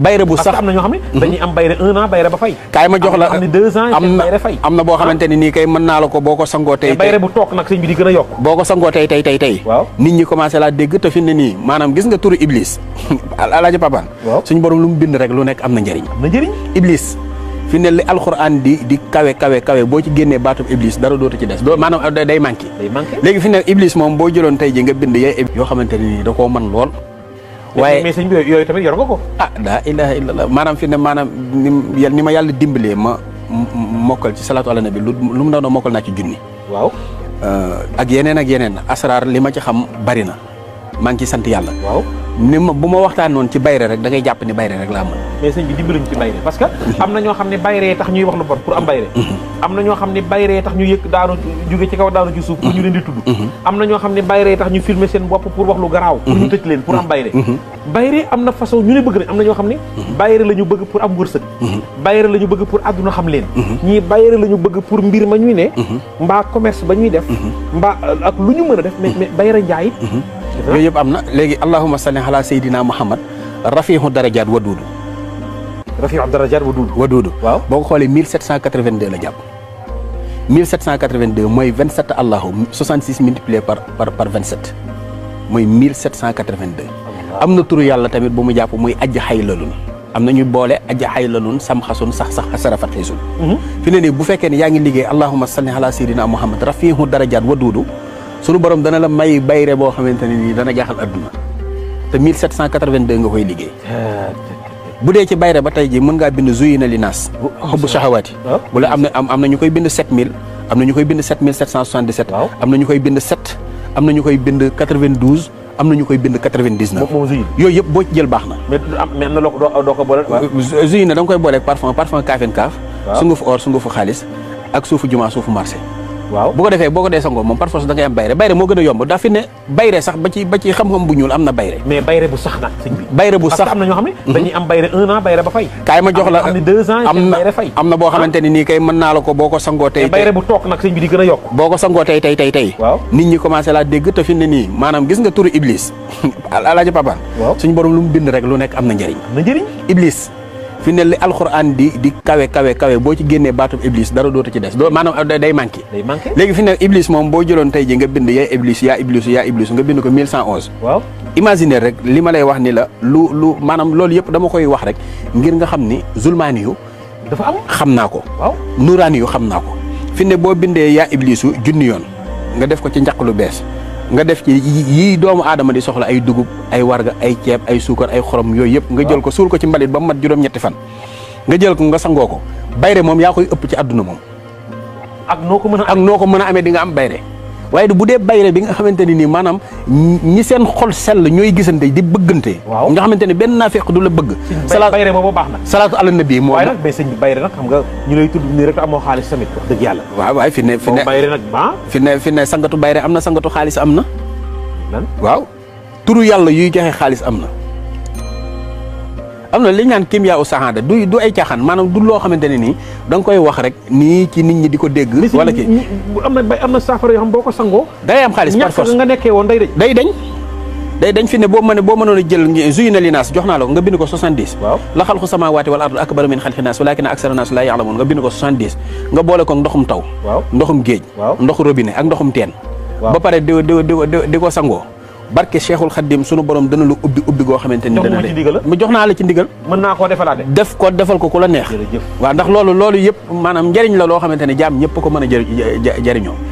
bayre bu sax amna na ñoo xam mhm. dañuy am bayre 1 an bayre ba fay kay ma jox la am 2 ans am bayre fay am bo ah. xamanteni ni kay mën na la ko boko sango tay bayre bu tok nak señ bi di gëna yok boko sango tay tay tay tay nit ñi commencé la dégg te fi ni manam gis nga turu iblis Alaji papa? waaw suñ borom lu mu bind rek lu nekk am ndariñ amna ndariñ iblis fi ne li alquran di di kawe kawe kawe bo ci génné batum iblis dara dootu ci des manam day manki léegi fi ne iblis mom bo jëlon tay ji nga bind yee yo xamanteni ni da ko man lool waaye mais sëñ yooyu tamit yor nga ko. ah daa ilaha illallah maanaam fi ne maanaam ni ma yàlla dimbalee ma mokkal ci salaatu ala nabi lu mu doon mokkol naa ci junni. waaw. Euh, ak yeneen ak yeneen asraar li ma ci xam bari na maa ngi ciy sant yàlla. waaw. ni ma bu ma waxtaanoon ci bayre rek da ngay jàpp ni bayre rek laa mën mais sëñ bi ñoo xam ne bayre tax ñuy wax lu bon pour am bayre mhm. am ñu yëkk daanu jóge ci kaw daanu ci di tudd mhm. ñoo xam ne bayre tax ñu filmer seen bopp pour wax lu garaaw pour ñu mhm. tëj na façon xam ne bayre la ñu bëgg pour am wërsëg bayre la ñu bëgg pour àdduna xam leen ñii bayre la ñu bëgg pour mbir ma ñuy ne mbaa commerce ba ñuy def mbaa ak lu ñu mën a def mais bayre njaay yooyu yëpp am na léegi allahuma salli ala sayyidina muhammad rafiixu darajaat waduudu rafiixu darajaat waduudu waduudu waaw boo ko xoolee 1782 la jàpp 1782 mooy 27 allahu 66 multiplié par par par 27 mooy 1782 am na turu yàlla tamit bu mu jàpp muy ajj xay lalun am na ñu boole ajj xay lalun sam xasun sax sax sarafat xisun mhm. fi ne nii bu fekkee ne yaa ngi liggéey allahuma salli ala sayyidina muhammad rafiixu darajaat waduudu sunu borom dana la may bayre boo xamante ne nii dana jaaxal adduna te 1782 nga koy liggéey. bu dee ci bayre ba tey ji mën ngaa bind zuyi na li naas. xubbu oh, oh, saxawaati. Oh. am na am ñu koy bind 7000. am na ñu koy bind 7777. waaw am na ñu koy bind 7. am na ñu koy bind 92. am na ñu bind 99. moom moom yooyu yëpp boo jël baax na. mais am na loo euh, koy booleeg parfum parfum kaafeen kaaf. waaw su nga fa or su xaalis ak suufu jumaa suufu marché. waaw bu ko defee boo ko dee sangoo moom par force da ngay am bayre bayre moo gën a yomb daa fi ne bayre sax ba ci ba ci xam-xam bu ñuul am na bayre mais bayre bu sax nag bayre bu sax am na ñoo xam ne mhm. dañuy am bayre un an bayre ba fay kaay la am na deux ans am boo ah. xamante ni nii kay mën naa la ko boo ko sangoo tey bayre bu toog nag a yokk boo ko sangoo tey tey tey tey waaw nit ñi commencé laa dégg te fi ne nii maanaam gis nga turu iblis alaaji papa suñ borom lu mu bind rek lu nekk am na njëriñ na njëriñ iblis fi al li alxuraan di di kawe kawe kawe boo ci génnee baatub iblis dara dootu ci des doo maanaam uh, day manqué léegi fi ne iblis moom boo jëloon tey ji nga bind yaa iblis yaa iblis yaa iblis nga bind ko 1111 waaw imaginer rek li ma lay wax ni la lu lu maanaam loolu yëpp dama koy wax rek ngir nga xam ni zulmaani yu dafa am xam naa ko waaw nuraani yu xam naa ko fi boo bindee yaa iblisu junni yoon nga def ko ci njaq lu bees nga def ci yii doomu aadama di soxla ay dugub ay warga ay ceeb ay suukar ay xorom yooyu yëpp nga jël ko suul ko ci mbalit ba mu mat juróom-ñetti fan nga jël ko nga sangoo ko bayre moom yaa koy ëpp ci àdduna moom ak noo ko mën a amee di nga am bayre waaye bu dee bayre bi nga xamante ne nii maanaam ñi seen xol sell ñooy gisante di bëggante nga xamante ne benn naa fekk du la bëgg bayre boobu baax na salaatu ala nabi moo waaye nag mais sëñ bi bayre nag xam nga ñu lay tudd nii rek amoo xaalis tamit wax yàlla waaw waaye fi ne fi ne bayre nag ah fi ne fi ne sangatu bayre am na sangatu xaalis am na lan waaw turu yàlla yuy jaxe xaalis am na am na li ñu naan kimya u saxaada du du ay caaxaan maanaam du loo xamante ne nii da nga koy wax rek nii ci nit ñi di ko dégg wala ki am na am na saafara yoo xam boo ko sangoo day am xaalis par force nga nekkee woon day dañ day dañ day dañ fi ne boo ma ne boo mënoon a jël zuy na li naas jox naa nga bind ko 70 waaw la xalqu samaawaati wal ardi akbaru min xalqi naas walaakina aksara naas laa ya'lamuun nga bind nga boole ko ndoxum taw waaw ndoxum géej ndoxu robinet ak ndoxum teen ba pare di di di ko sangoo barke Cheikhul Khadim sunu borom dana la ubbi ubbi go xamanteni ni dana la mu joxna la ci ndigal meuna ko koo def ko defal ko kula neex wa ndax lolu lolu yep manam njëriñ la lo xamanteni jam ñep ko meuna a jëriñoo